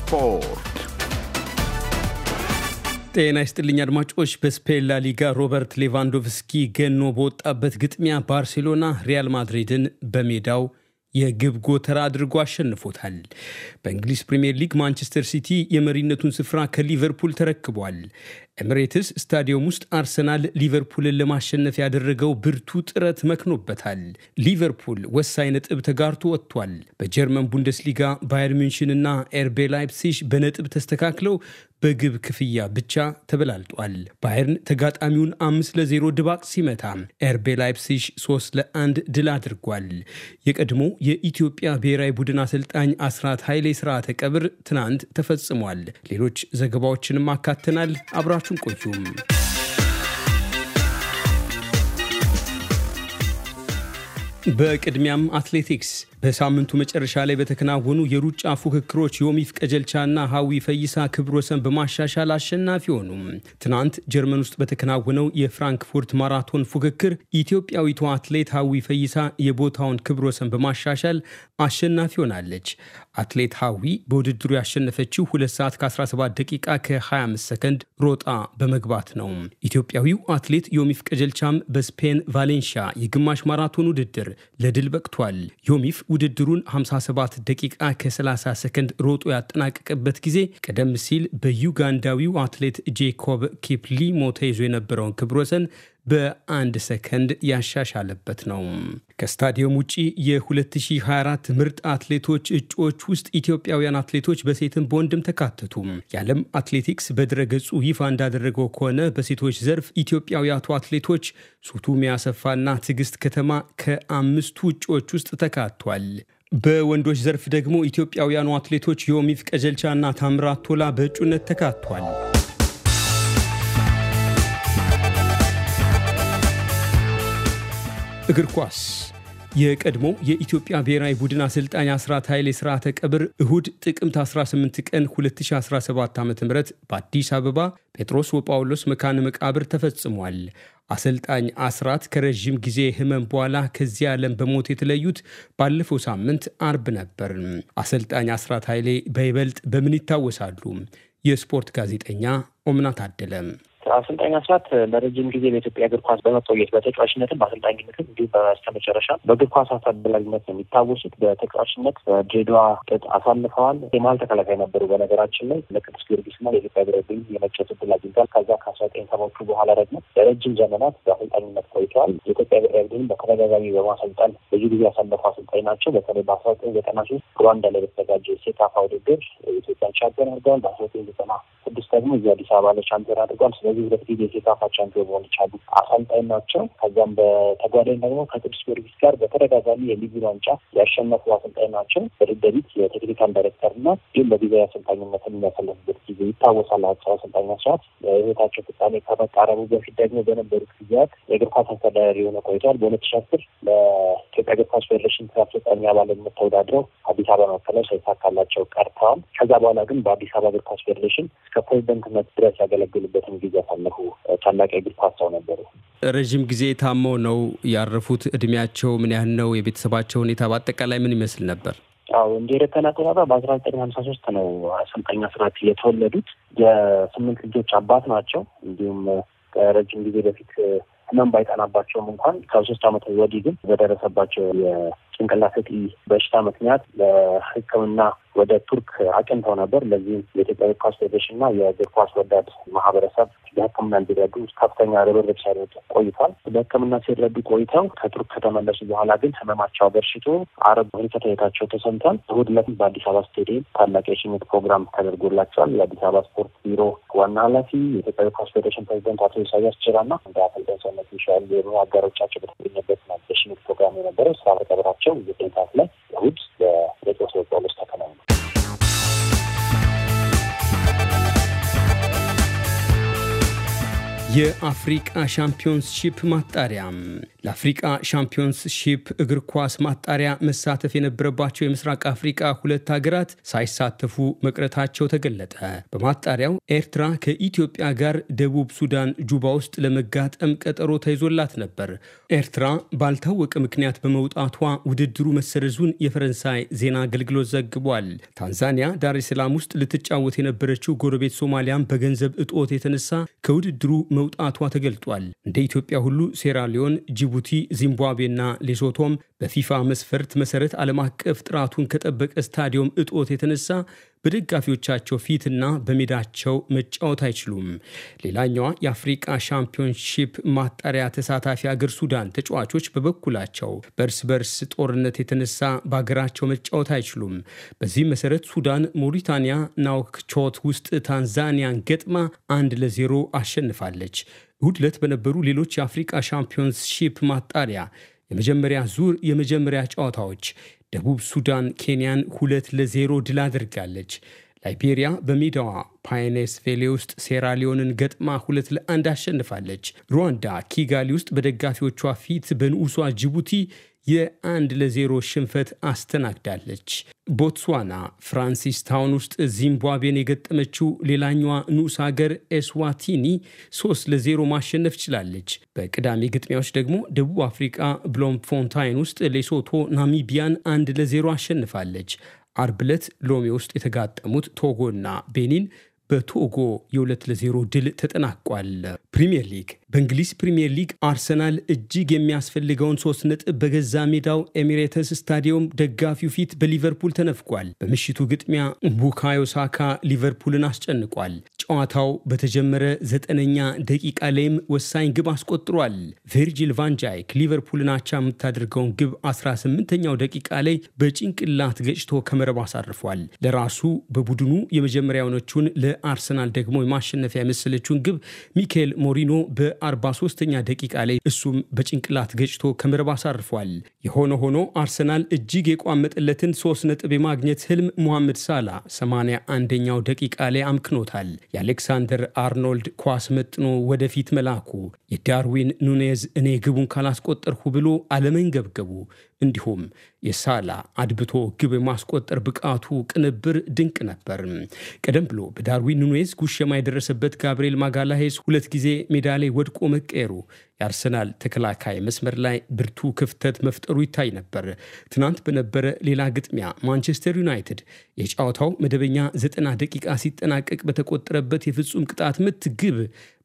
ስፖርት ጤና ይስጥልኝ አድማጮች። በስፔን ላሊጋ ሮበርት ሌቫንዶቭስኪ ገኖ በወጣበት ግጥሚያ ባርሴሎና ሪያል ማድሪድን በሜዳው የግብ ጎተራ አድርጎ አሸንፎታል። በእንግሊዝ ፕሪምየር ሊግ ማንቸስተር ሲቲ የመሪነቱን ስፍራ ከሊቨርፑል ተረክቧል። ኤምሬትስ ስታዲየም ውስጥ አርሰናል ሊቨርፑልን ለማሸነፍ ያደረገው ብርቱ ጥረት መክኖበታል። ሊቨርፑል ወሳኝ ነጥብ ተጋርቶ ወጥቷል። በጀርመን ቡንደስሊጋ ባየር ሚንሽንና ኤርቤ ላይፕሲሽ በነጥብ ተስተካክለው በግብ ክፍያ ብቻ ተበላልጧል። ባየርን ተጋጣሚውን አምስት ለዜሮ ድባቅ ሲመታ ኤርቤ ላይፕሲሽ ሶስት ለአንድ ድል አድርጓል። የቀድሞ የኢትዮጵያ ብሔራዊ ቡድን አሰልጣኝ አስራት ኃይሌ ስርዓተ ቀብር ትናንት ተፈጽሟል። ሌሎች ዘገባዎችንም አካተናል። አብራችሁን ቆዩም። በቅድሚያም አትሌቲክስ በሳምንቱ መጨረሻ ላይ በተከናወኑ የሩጫ ፉክክሮች ዮሚፍ ቀጀልቻና ሀዊ ፈይሳ ክብር ወሰን በማሻሻል አሸናፊ ሆኑ። ትናንት ጀርመን ውስጥ በተከናወነው የፍራንክፉርት ማራቶን ፉክክር ኢትዮጵያዊቷ አትሌት ሀዊ ፈይሳ የቦታውን ክብር ወሰን በማሻሻል አሸናፊ ሆናለች። አትሌት ሀዊ በውድድሩ ያሸነፈችው 2 ሰዓት ከ17 ደቂቃ ከ25 ሰከንድ ሮጣ በመግባት ነው። ኢትዮጵያዊው አትሌት ዮሚፍ ቀጀልቻም በስፔን ቫሌንሺያ የግማሽ ማራቶን ውድድር ለድል በቅቷል። ዮሚፍ ውድድሩን 57 ደቂቃ ከ30 ሰከንድ ሮጦ ያጠናቀቀበት ጊዜ ቀደም ሲል በዩጋንዳዊው አትሌት ጄኮብ ኪፕሊሞ ተይዞ የነበረውን ክብረ ወሰን በአንድ ሰከንድ ያሻሻለበት ነው። ከስታዲየም ውጪ የ2024 ምርጥ አትሌቶች እጩዎች ውስጥ ኢትዮጵያውያን አትሌቶች በሴትም በወንድም ተካተቱ። የዓለም አትሌቲክስ በድረገጹ ይፋ እንዳደረገው ከሆነ በሴቶች ዘርፍ ኢትዮጵያውያቱ አትሌቶች ሱቱሜ አሰፋና ትዕግስት ከተማ ከአምስቱ እጩዎች ውስጥ ተካቷል። በወንዶች ዘርፍ ደግሞ ኢትዮጵያውያኑ አትሌቶች ዮሚፍ ቀጀልቻና ታምራት ቶላ በእጩነት ተካቷል። እግር ኳስ የቀድሞ የኢትዮጵያ ብሔራዊ ቡድን አሰልጣኝ አስራት ኃይሌ ስርዓተ ቀብር እሁድ ጥቅምት 18 ቀን 2017 ዓ ም በአዲስ አበባ ጴጥሮስ ወጳውሎስ መካነ መቃብር ተፈጽሟል። አሰልጣኝ አስራት ከረዥም ጊዜ ህመም በኋላ ከዚህ ዓለም በሞት የተለዩት ባለፈው ሳምንት አርብ ነበር። አሰልጣኝ አስራት ኃይሌ በይበልጥ በምን ይታወሳሉ? የስፖርት ጋዜጠኛ ኦምናት አደለም? አሰልጣኝ አስራት ለረጅም ጊዜ በኢትዮጵያ እግር ኳስ በመቆየት በተጫዋችነትም በአሰልጣኝነትም እንዲሁም በስተመጨረሻ በእግር ኳስ አሳደላጊነት ነው የሚታወሱት። በተጫዋችነት በድሬዳዋ ቅጥ አሳልፈዋል። የመሀል ተከላካይ ነበሩ። በነገራችን ላይ ለቅዱስ ጊዮርጊስ ጊዮርጊስና ለኢትዮጵያ ብሔራዊ ቡድን የመጫወት ዕድል አግኝተዋል። ከዛ ከአስራ ዘጠኝ ሰባዎቹ በኋላ ደግሞ ለረጅም ዘመናት በአሰልጣኝነት ቆይተዋል። የኢትዮጵያ ብሔራዊ ቡድን በተደጋጋሚ በማሰልጣን ብዙ ጊዜ ያሳለፉ አሰልጣኝ ናቸው። በተለይ በአስራ ዘጠኝ ዘጠና ሶስት ሩዋንዳ ላይ በተዘጋጀ ሴካፋ ውድድር ኢትዮጵያን ቻምፒዮን አድርገዋል። በአስራ ዘጠኝ ዘጠና ስድስት ደግሞ እዚህ አዲስ አበባ ላይ ቻምፒዮን አድርጓል። ስለዚህ ሁለት ጊዜ የሴካፋ ቻምፒዮን መሆን ቻሉ አሰልጣኝ ናቸው። ከዚያም በተጓዳኝ ደግሞ ከቅዱስ ጊዮርጊስ ጋር በተደጋጋሚ የሊጉን ዋንጫ ያሸነፉ አሰልጣኝ ናቸው። በደደቢት የቴክኒካል ዳይሬክተር እና እንዲሁም በጊዜያዊ አሰልጣኝነትን የሚያሳለፉበት ጊዜ ይታወሳል። አቸው አሰልጣኝ መስዋዕት የህይወታቸው ፍጻሜ ከመቃረቡ በፊት ደግሞ በነበሩት ጊዜያት የእግር ኳስ አስተዳዳሪ የሆነ ቆይተዋል። በሁለት ሺ አስር ለኢትዮጵያ እግር ኳስ ፌዴሬሽን ስራ አስፈጻሚ አባልነት ተወዳድረው አዲስ አበባ መከላው ሳይሳካላቸው ቀርተዋል። ከዛ በኋላ ግን በአዲስ አበባ እግር ኳስ ፌዴሬሽን እስከ ከፕሬዚደንትነት ድረስ ያገለግሉበትን ጊዜ ያሳለፉ ታላቅ የእግር ኳስ ሰው ነበሩ። ረዥም ጊዜ ታመው ነው ያረፉት። እድሜያቸው ምን ያህል ነው? የቤተሰባቸው ሁኔታ በአጠቃላይ ምን ይመስል ነበር? አዎ እንደ ኤሮፓውያን አቆጣጠር በአስራ ዘጠኝ ሀምሳ ሶስት ነው አሰልጣኝ አስራት የተወለዱት። የስምንት ልጆች አባት ናቸው። እንዲሁም ከረጅም ጊዜ በፊት ህመም ባይጠናባቸውም እንኳን ከሶስት ዓመት ወዲህ ግን በደረሰባቸው የጭንቅላት እጢ በሽታ ምክንያት ለሕክምና ወደ ቱርክ አቅንተው ነበር። ለዚህም የኢትዮጵያ ኳስ ፌዴሬሽን ፌዴሬሽንና የእግር ኳስ ወዳድ ማህበረሰብ በሕክምና እንዲረዱ ከፍተኛ ርብርብ ሲያደርጉ ቆይቷል። በሕክምና ሲረዱ ቆይተው ከቱርክ ከተመለሱ በኋላ ግን ህመማቸው በርሽቶ አረብ ህልፈተ ህይወታቸው ተሰምቷል። እሑድ ዕለትም በአዲስ አበባ ስቴዲየም ታላቅ የሽኝት ፕሮግራም ተደርጎላቸዋል። የአዲስ አበባ ስፖርት ቢሮ ዋና ኃላፊ የኢትዮጵያ ኳስ ፌዴሬሽን ፕሬዚደንት አቶ ኢሳያስ ጅራና እንደ አሰልጣኝ ሰውነት ሚሻል የሆኑ አጋሮቻቸው በተገኘበት ነው የሽኝት ፕሮግራም የነበረው ስራ በቀብራቸው የደንታት ላይ እሑድ በደቂሶ የአፍሪቃ ሻምፒዮንስ ሺፕ ማጣሪያ ለአፍሪቃ ሻምፒዮንስ ሺፕ እግር ኳስ ማጣሪያ መሳተፍ የነበረባቸው የምስራቅ አፍሪቃ ሁለት ሀገራት ሳይሳተፉ መቅረታቸው ተገለጠ። በማጣሪያው ኤርትራ ከኢትዮጵያ ጋር ደቡብ ሱዳን ጁባ ውስጥ ለመጋጠም ቀጠሮ ተይዞላት ነበር። ኤርትራ ባልታወቀ ምክንያት በመውጣቷ ውድድሩ መሰረዙን የፈረንሳይ ዜና አገልግሎት ዘግቧል። ታንዛኒያ ዳር ሰላም ውስጥ ልትጫወት የነበረችው ጎረቤት ሶማሊያም በገንዘብ እጦት የተነሳ ከውድድሩ መውጣቷ ተገልጧል። እንደ ኢትዮጵያ ሁሉ ሴራሊዮን ጅ ጅቡቲ፣ ዚምባብዌና ሌሶቶም በፊፋ መስፈርት መሰረት ዓለም አቀፍ ጥራቱን ከጠበቀ ስታዲየም እጦት የተነሳ በደጋፊዎቻቸው ፊትና በሜዳቸው መጫወት አይችሉም። ሌላኛዋ የአፍሪቃ ሻምፒዮንሺፕ ማጣሪያ ተሳታፊ አገር ሱዳን ተጫዋቾች በበኩላቸው በእርስ በርስ ጦርነት የተነሳ በሀገራቸው መጫወት አይችሉም። በዚህ መሰረት ሱዳን ሞሪታንያ ናውክቾት ውስጥ ታንዛኒያን ገጥማ አንድ ለዜሮ አሸንፋለች። እሁድ ዕለት በነበሩ ሌሎች የአፍሪቃ ሻምፒዮንስ ሺፕ ማጣሪያ የመጀመሪያ ዙር የመጀመሪያ ጨዋታዎች ደቡብ ሱዳን ኬንያን ሁለት ለዜሮ ድል አድርጋለች። ላይቤሪያ በሜዳዋ ፓይኔስ ቬሌ ውስጥ ሴራሊዮንን ገጥማ ሁለት ለአንድ አሸንፋለች። ሩዋንዳ ኪጋሊ ውስጥ በደጋፊዎቿ ፊት በንዑሷ ጅቡቲ የአንድ ለዜሮ ሽንፈት አስተናግዳለች። ቦትስዋና ፍራንሲስ ታውን ውስጥ ዚምባብዌን የገጠመችው ሌላኛዋ ንዑስ ሀገር ኤስዋቲኒ ሶስት ለዜሮ ማሸነፍ ችላለች። በቅዳሜ ግጥሚያዎች ደግሞ ደቡብ አፍሪቃ ብሎምፎንታይን ውስጥ ሌሶቶ ናሚቢያን አንድ ለዜሮ አሸንፋለች። አርብ ዕለት ሎሜ ውስጥ የተጋጠሙት ቶጎና ቤኒን በቶጎ የሁለት ለዜሮ ድል ተጠናቋል። ፕሪምየር ሊግ በእንግሊዝ ፕሪምየር ሊግ አርሰናል እጅግ የሚያስፈልገውን ሶስት ነጥብ በገዛ ሜዳው ኤሚሬተስ ስታዲየም ደጋፊው ፊት በሊቨርፑል ተነፍቋል። በምሽቱ ግጥሚያ ቡካዮ ሳካ ሊቨርፑልን አስጨንቋል። ጨዋታው በተጀመረ ዘጠነኛ ደቂቃ ላይም ወሳኝ ግብ አስቆጥሯል። ቨርጂል ቫንጃይክ ሊቨርፑልን አቻ የምታደርገውን ግብ 18ኛው ደቂቃ ላይ በጭንቅላት ገጭቶ ከመረብ አሳርፏል። ለራሱ በቡድኑ የመጀመሪያ የሆነችውን ለአርሰናል ደግሞ የማሸነፊያ የመሰለችውን ግብ ሚካኤል ሞሪኖ በ43ኛ ደቂቃ ላይ እሱም በጭንቅላት ገጭቶ ከመረብ አሳርፏል። የሆነ ሆኖ አርሰናል እጅግ የቋመጠለትን ሶስት ነጥብ የማግኘት ህልም ሞሐመድ ሳላ 81ኛው ደቂቃ ላይ አምክኖታል። የአሌክሳንደር አርኖልድ ኳስ መጥኖ ወደፊት መላኩ፣ የዳርዊን ኑኔዝ እኔ ግቡን ካላስቆጠርሁ ብሎ አለመንገብገቡ እንዲሁም የሳላ አድብቶ ግብ የማስቆጠር ብቃቱ ቅንብር ድንቅ ነበር። ቀደም ብሎ በዳርዊን ኑኔዝ ጉሸማ የደረሰበት ጋብርኤል ማጋላሄስ ሁለት ጊዜ ሜዳ ላይ ወድቆ መቀየሩ የአርሰናል ተከላካይ መስመር ላይ ብርቱ ክፍተት መፍጠሩ ይታይ ነበር። ትናንት በነበረ ሌላ ግጥሚያ ማንቸስተር ዩናይትድ የጨዋታው መደበኛ ዘጠና ደቂቃ ሲጠናቀቅ በተቆጠረበት የፍጹም ቅጣት ምት ግብ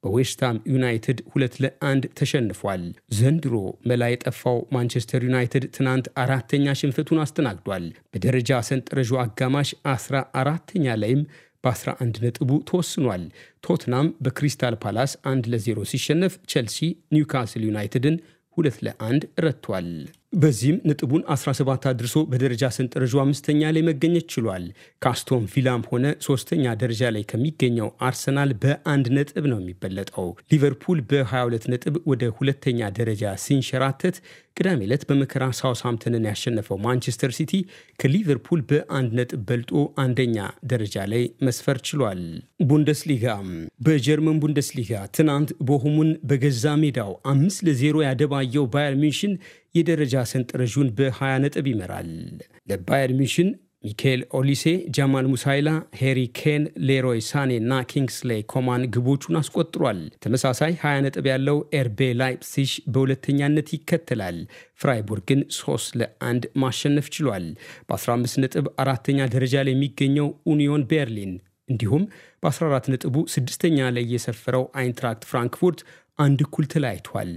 በዌስትሃም ዩናይትድ ሁለት ለአንድ ተሸንፏል። ዘንድሮ መላ የጠፋው ማንቸስተር ዩናይትድ ትናንት አራተኛ ሽንፈቱን አስተናግዷል። በደረጃ ሰንጠረዡ አጋማሽ አስራ አራተኛ ላይም በ11 ነጥቡ ተወስኗል። ቶትናም በክሪስታል ፓላስ 1 ለ0 ሲሸነፍ ቼልሲ ኒውካስል ዩናይትድን 2 ለ1 ረቷል። በዚህም ነጥቡን 17 አድርሶ በደረጃ ሰንጠረዡ አምስተኛ ላይ መገኘት ችሏል። ከአስቶን ቪላም ሆነ ሶስተኛ ደረጃ ላይ ከሚገኘው አርሰናል በአንድ ነጥብ ነው የሚበለጠው። ሊቨርፑል በ22 ነጥብ ወደ ሁለተኛ ደረጃ ሲንሸራተት፣ ቅዳሜ ዕለት በመከራ ሳውስሃምፕተንን ያሸነፈው ማንቸስተር ሲቲ ከሊቨርፑል በአንድ ነጥብ በልጦ አንደኛ ደረጃ ላይ መስፈር ችሏል። ቡንደስሊጋ በጀርመን ቡንደስሊጋ ትናንት ቦሁሙን በገዛ ሜዳው አምስት ለዜሮ ያደባየው ባየር ሚንሽን የደረጃ ሰንጠረዡን በ20 ነጥብ ይመራል። ለባየር ሚሽን ሚካኤል ኦሊሴ፣ ጃማል ሙሳይላ፣ ሄሪ ኬን፣ ሌሮይ ሳኔ እና ኪንግስሌ ኮማን ግቦቹን አስቆጥሯል። ተመሳሳይ 20 ነጥብ ያለው ኤርቤ ላይፕሲሽ በሁለተኛነት ይከተላል። ፍራይቡርግን 3 ለ1 ማሸነፍ ችሏል። በ15 ነጥብ አራተኛ ደረጃ ላይ የሚገኘው ኡኒዮን ቤርሊን እንዲሁም በ14 ነጥቡ ስድስተኛ ላይ የሰፈረው አይንትራክት ፍራንክፉርት አንድ እኩል ተለያይቷል።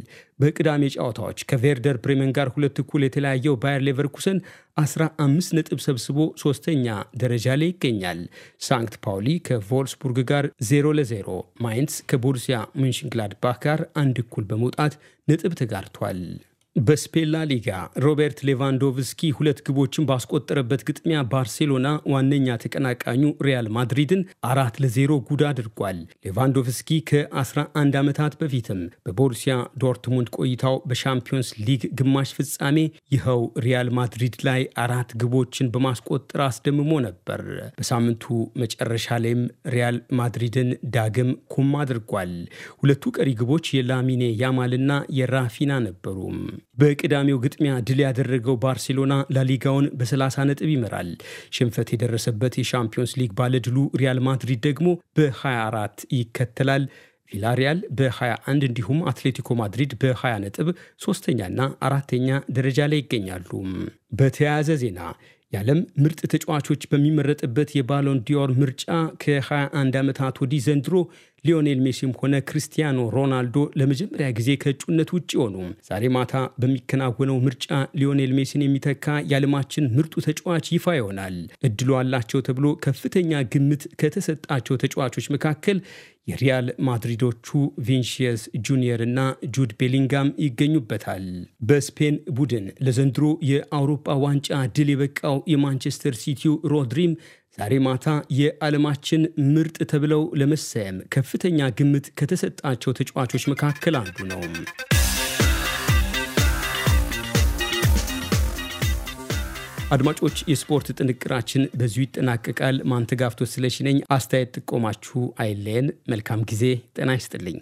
በቅዳሜ ጨዋታዎች ከቬርደር ብሬመን ጋር ሁለት እኩል የተለያየው ባየር ሌቨርኩሰን 15 ነጥብ ሰብስቦ ሶስተኛ ደረጃ ላይ ይገኛል። ሳንክት ፓውሊ ከቮልስቡርግ ጋር 0 ለ0፣ ማይንስ ከቦርሲያ ሙንሽንግላድባህ ጋር አንድ እኩል በመውጣት ነጥብ ተጋርቷል። በስፔላ ሊጋ ሮቤርት ሌቫንዶቭስኪ ሁለት ግቦችን ባስቆጠረበት ግጥሚያ ባርሴሎና ዋነኛ ተቀናቃኙ ሪያል ማድሪድን አራት ለዜሮ ጉድ አድርጓል። ሌቫንዶቭስኪ ከ11 ዓመታት በፊትም በቦሩሲያ ዶርትሙንድ ቆይታው በሻምፒዮንስ ሊግ ግማሽ ፍጻሜ ይኸው ሪያል ማድሪድ ላይ አራት ግቦችን በማስቆጠር አስደምሞ ነበር። በሳምንቱ መጨረሻ ላይም ሪያል ማድሪድን ዳግም ኩም አድርጓል። ሁለቱ ቀሪ ግቦች የላሚኔ ያማልና የራፊና ነበሩ። በቅዳሜው ግጥሚያ ድል ያደረገው ባርሴሎና ላሊጋውን በ30 ነጥብ ይመራል። ሽንፈት የደረሰበት የሻምፒዮንስ ሊግ ባለድሉ ሪያል ማድሪድ ደግሞ በ24 ይከተላል። ቪላሪያል በ21 እንዲሁም አትሌቲኮ ማድሪድ በ20 ነጥብ ሶስተኛና አራተኛ ደረጃ ላይ ይገኛሉ። በተያያዘ ዜና የዓለም ምርጥ ተጫዋቾች በሚመረጥበት የባሎን ዲዮር ምርጫ ከ21 ዓመታት ወዲህ ዘንድሮ ሊዮኔል ሜሲም ሆነ ክርስቲያኖ ሮናልዶ ለመጀመሪያ ጊዜ ከእጩነት ውጭ ሆኑ። ዛሬ ማታ በሚከናወነው ምርጫ ሊዮኔል ሜሲን የሚተካ የዓለማችን ምርጡ ተጫዋች ይፋ ይሆናል። እድሉ አላቸው ተብሎ ከፍተኛ ግምት ከተሰጣቸው ተጫዋቾች መካከል የሪያል ማድሪዶቹ ቪንሽየስ ጁኒየር እና ጁድ ቤሊንጋም ይገኙበታል። በስፔን ቡድን ለዘንድሮ የአውሮፓ ዋንጫ ድል የበቃው የማንቸስተር ሲቲው ሮድሪም ዛሬ ማታ የዓለማችን ምርጥ ተብለው ለመሰየም ከፍተኛ ግምት ከተሰጣቸው ተጫዋቾች መካከል አንዱ ነው። አድማጮች፣ የስፖርት ጥንቅራችን በዚሁ ይጠናቀቃል። ማንተጋፍቶ ስለሽነኝ አስተያየት ጥቆማችሁ አይለየን። መልካም ጊዜ። ጤና ይስጥልኝ።